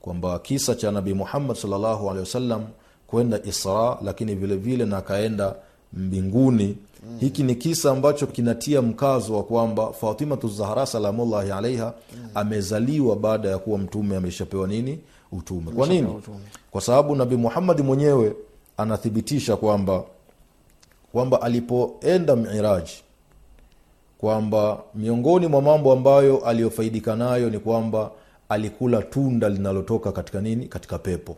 kwamba kisa cha nabii Muhammad sallallahu wasallam kwenda Isra, lakini vilevile na akaenda mbinguni hiki ni kisa ambacho kinatia mkazo wa kwamba Fatimatu Zahra salamullahi alaiha amezaliwa baada ya kuwa mtume ameshapewa nini utume. Kwa nini? Kwa sababu Nabi Muhammadi mwenyewe anathibitisha kwamba kwamba alipoenda Miraji kwamba miongoni mwa mambo ambayo aliyofaidika nayo ni kwamba alikula tunda linalotoka katika nini katika pepo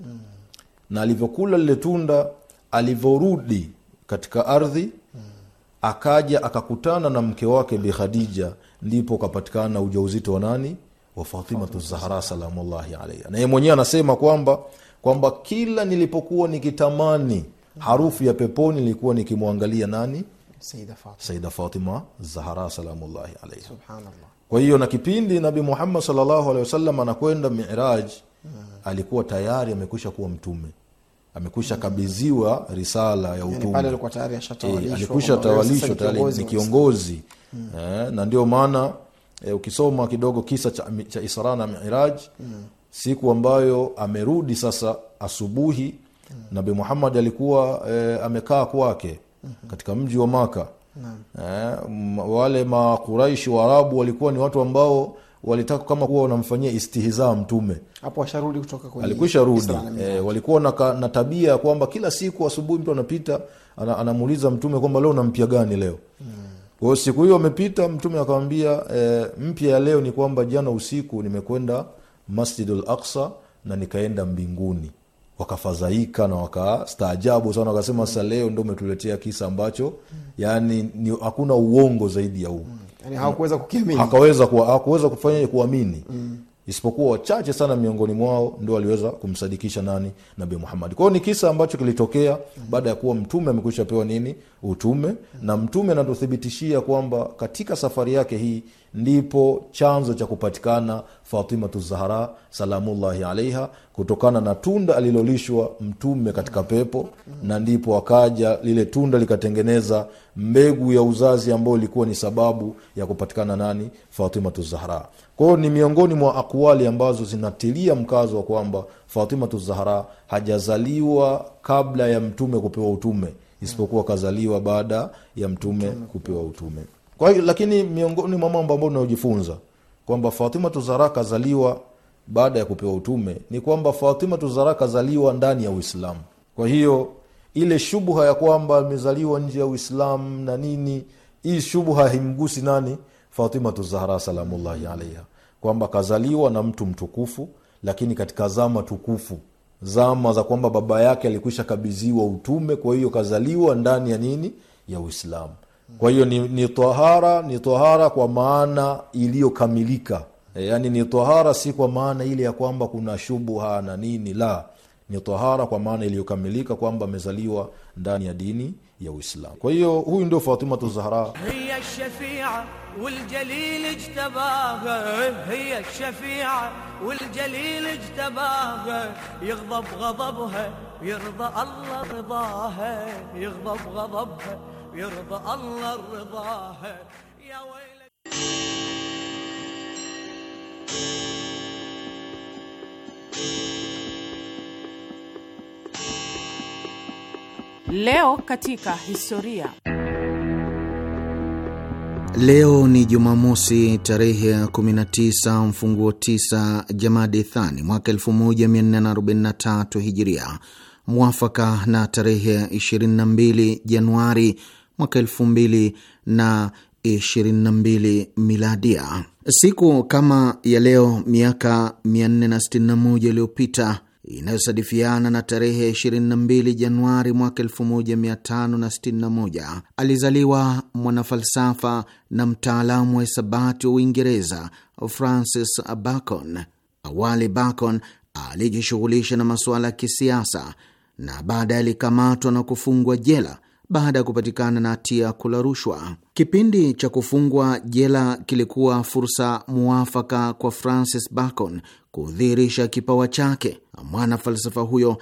mm. na alivyokula lile tunda alivyorudi katika ardhi akaja akakutana na mke wake bikhadija ndipo kapatikana ujauzito wa nani? Wa Fatimatu Zahra salamullahi alaiha. Na mwenyewe anasema kwamba kwamba kila nilipokuwa nikitamani harufu ya peponi nilikuwa nikimwangalia nani? Saida Fatima, Zahra salamullahi alaiha. Kwa hiyo na kipindi Nabi Muhammad salllahu alehi wasallam anakwenda Miraj, hmm. alikuwa tayari amekwisha kuwa mtume amekwisha kabidhiwa risala ya utume tawalishwa eh, tayari ni kiongozi mm. na ndio maana e, ukisoma kidogo kisa cha, cha isra na miraj mm. siku ambayo amerudi sasa asubuhi mm. nabi muhammad alikuwa e, amekaa kwake mm-hmm. katika mji wa maka mm. wale makuraishi waarabu walikuwa ni watu ambao walitaka kama kuwa wanamfanyia istihizaa mtume hapo, asharudi kutoka kwenye alikwisha rudi. E, walikuwa na, na tabia kwamba kila siku asubuhi mtu anapita anamuuliza mtume kwamba leo nampya gani leo mm. Kwa siku hiyo amepita mtume akamwambia, e, mpya ya leo ni kwamba jana usiku nimekwenda masjid Masjidul aksa na nikaenda mbinguni. Wakafadhaika na wakastaajabu sana, wakasema sa leo ndo umetuletea kisa ambacho mm. yani ni, hakuna uongo zaidi ya huu mm yani hawakuweza kukiamini, hakaweza hawakuweza kufanya kuamini mm. Isipokuwa wachache sana miongoni mwao ndo waliweza kumsadikisha nani, Nabii Muhammad. Kwa ni kisa ambacho kilitokea mm. baada ya kuwa mtume amekwisha pewa nini, utume mm. na mtume anatuthibitishia kwamba katika safari yake hii ndipo chanzo cha kupatikana Fatimatu Zahra salamullahi alaiha, kutokana na tunda alilolishwa Mtume katika pepo, na ndipo akaja lile tunda likatengeneza mbegu ya uzazi ambayo ilikuwa ni sababu ya kupatikana nani? Fatimatu Zahra. Kwa ni miongoni mwa akwali ambazo zinatilia mkazo wa kwamba Fatimatu Zahra hajazaliwa kabla ya Mtume kupewa utume, isipokuwa akazaliwa baada ya Mtume kupewa utume. Kwa hiyo lakini miongoni mwa mambo ambayo unayojifunza kwamba Fatima Tuzara kazaliwa baada ya kupewa utume ni kwamba Fatima Tuzara kazaliwa ndani ya Uislamu. Kwa hiyo ile shubha ya kwamba amezaliwa nje ya Uislamu na nini, hii shubha himgusi nani? Fatima Tuzahra salamullahi alaiha, kwamba kazaliwa na mtu mtukufu, lakini katika zama tukufu, zama za kwamba baba yake alikwisha kabiziwa utume. Kwa hiyo kazaliwa ndani ya nini, ya Uislamu kwa hiyo ni, ni tahara ni tahara kwa maana iliyokamilika e, yani ni tahara si kwa maana ile ya kwamba kuna shubuha na nini la ni tahara kwa maana iliyokamilika kwamba amezaliwa ndani ya dini ya Uislamu. Kwa hiyo huyu ndio Fatimatu Zahra. hiya يرضى الله رضاها يا ويلك Leo katika historia. Leo ni Jumamosi tarehe ya 19 mfunguo 9 Jamadi Thani mwaka 1443 Hijiria, mwafaka na tarehe 22 Januari mwaka elfu mbili na mbili miladia. Siku kama ya leo miaka 461 iliyopita inayosadifiana na tarehe 22 Januari mwaka 1561 alizaliwa mwanafalsafa na mtaalamu wa hisabati wa Uingereza Francis Bacon. Awali Bacon alijishughulisha na masuala ya kisiasa na baadaye alikamatwa na kufungwa jela baada ya kupatikana na hatia kula rushwa. Kipindi cha kufungwa jela kilikuwa fursa mwafaka kwa Francis Bacon kudhihirisha kipawa chake. Mwana falsafa huyo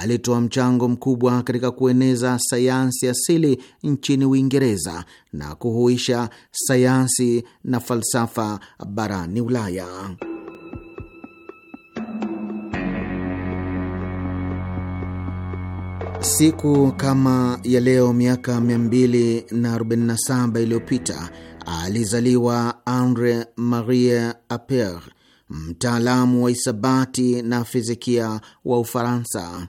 alitoa mchango mkubwa katika kueneza sayansi asili nchini Uingereza na kuhuisha sayansi na falsafa barani Ulaya. Siku kama ya leo miaka 247 iliyopita alizaliwa Andre Marie aper mtaalamu wa hisabati na fizikia wa Ufaransa.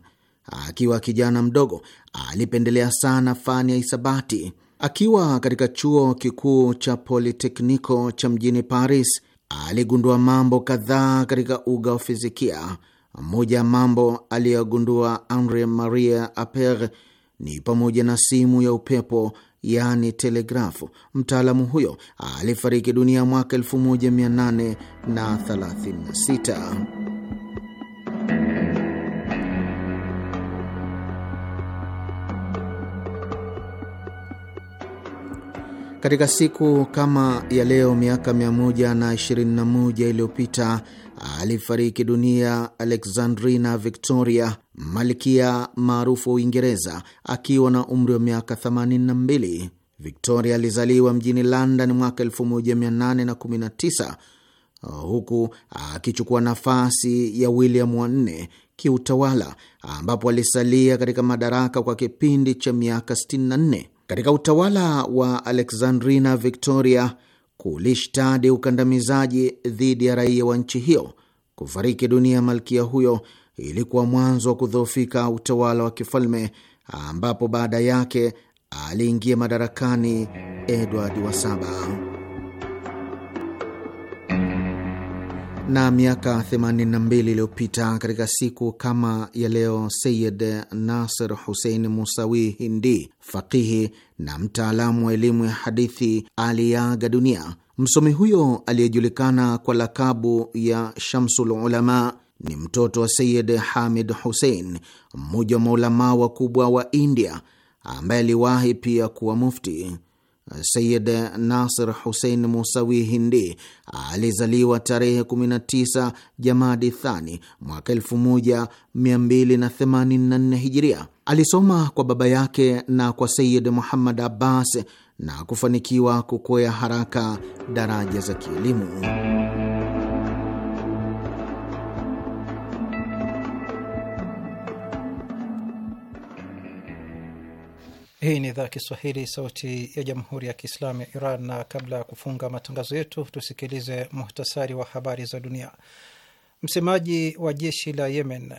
Akiwa kijana mdogo, alipendelea sana fani ya hisabati. Akiwa katika chuo kikuu cha Politekniko cha mjini Paris, aligundua mambo kadhaa katika uga wa fizikia mmoja ya mambo aliyogundua Andre Maria Aper ni pamoja na simu ya upepo yaani telegrafu. Mtaalamu huyo alifariki dunia mwaka 1836. Katika siku kama ya leo miaka 121 iliyopita alifariki dunia Alexandrina Victoria, malkia maarufu wa Uingereza, akiwa na umri wa miaka 82. Victoria alizaliwa mjini London mwaka 1819 huku akichukua nafasi ya William wa nne kiutawala, ambapo alisalia katika madaraka kwa kipindi cha miaka 64. Katika utawala wa Alexandrina Victoria kulishtadi ukandamizaji dhidi ya raia wa nchi hiyo. Kufariki dunia malkia huyo ilikuwa mwanzo wa kudhoofika utawala wa kifalme ambapo baada yake aliingia madarakani Edward wa saba. na miaka 82 iliyopita katika siku kama ya leo, Sayid Nasir Husein Musawi Hindi, fakihi na mtaalamu wa elimu ya hadithi, aliaga dunia. Msomi huyo aliyejulikana kwa lakabu ya Shamsul Ulama ni mtoto wa Sayid Hamid Husein, mmoja wa maulamaa wakubwa wa India ambaye aliwahi pia kuwa mufti. Sayid Nasir Husein Musawi Hindi alizaliwa tarehe 19 Jamadi Thani mwaka 1284 Hijiria. Alisoma kwa baba yake na kwa Sayid Muhammad Abbas na kufanikiwa kukwea haraka daraja za kielimu. Hii ni idhaa Kiswahili, sauti ya jamhuri ya kiislamu ya Iran. Na kabla ya kufunga matangazo yetu, tusikilize muhtasari wa habari za dunia. Msemaji wa jeshi la Yemen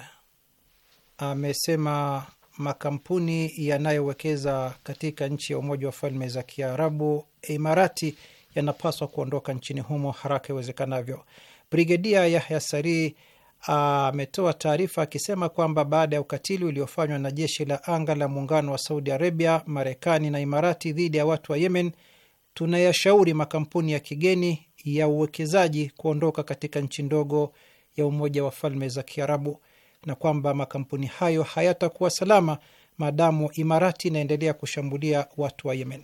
amesema makampuni yanayowekeza katika nchi ya Umoja wa Falme za Kiarabu, Imarati, yanapaswa kuondoka nchini humo haraka iwezekanavyo. Brigedia Yahya Sari ametoa taarifa akisema kwamba baada ya ukatili uliofanywa na jeshi la anga la muungano wa Saudi Arabia, Marekani na Imarati dhidi ya watu wa Yemen, tunayashauri makampuni ya kigeni ya uwekezaji kuondoka katika nchi ndogo ya Umoja wa Falme za Kiarabu na kwamba makampuni hayo hayatakuwa salama maadamu Imarati inaendelea kushambulia watu wa Yemen.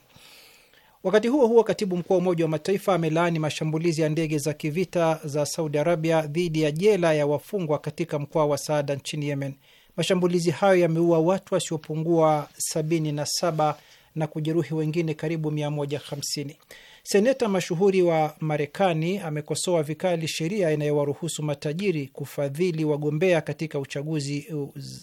Wakati huo huo, katibu mkuu wa Umoja wa Mataifa amelaani mashambulizi ya ndege za kivita za Saudi Arabia dhidi ya jela ya wafungwa katika mkoa wa Saada nchini Yemen. Mashambulizi hayo yameua watu wasiopungua 77 na kujeruhi wengine karibu 150. Seneta mashuhuri wa Marekani amekosoa vikali sheria inayowaruhusu matajiri kufadhili wagombea katika uchaguzi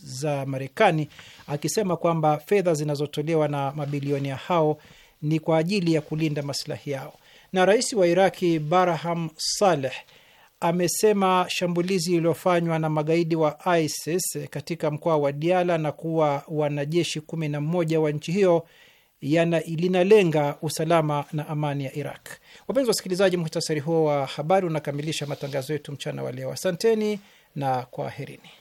za Marekani, akisema kwamba fedha zinazotolewa na mabilionia hao ni kwa ajili ya kulinda maslahi yao. Na rais wa Iraki Barham Saleh amesema shambulizi iliyofanywa na magaidi wa ISIS katika mkoa wa Diala na kuwa wanajeshi kumi na mmoja wa nchi hiyo yana linalenga usalama na amani ya Iraq. Wapenzi wa wasikilizaji, muhtasari huo wa habari unakamilisha matangazo yetu mchana wa leo. Asanteni na kwaherini.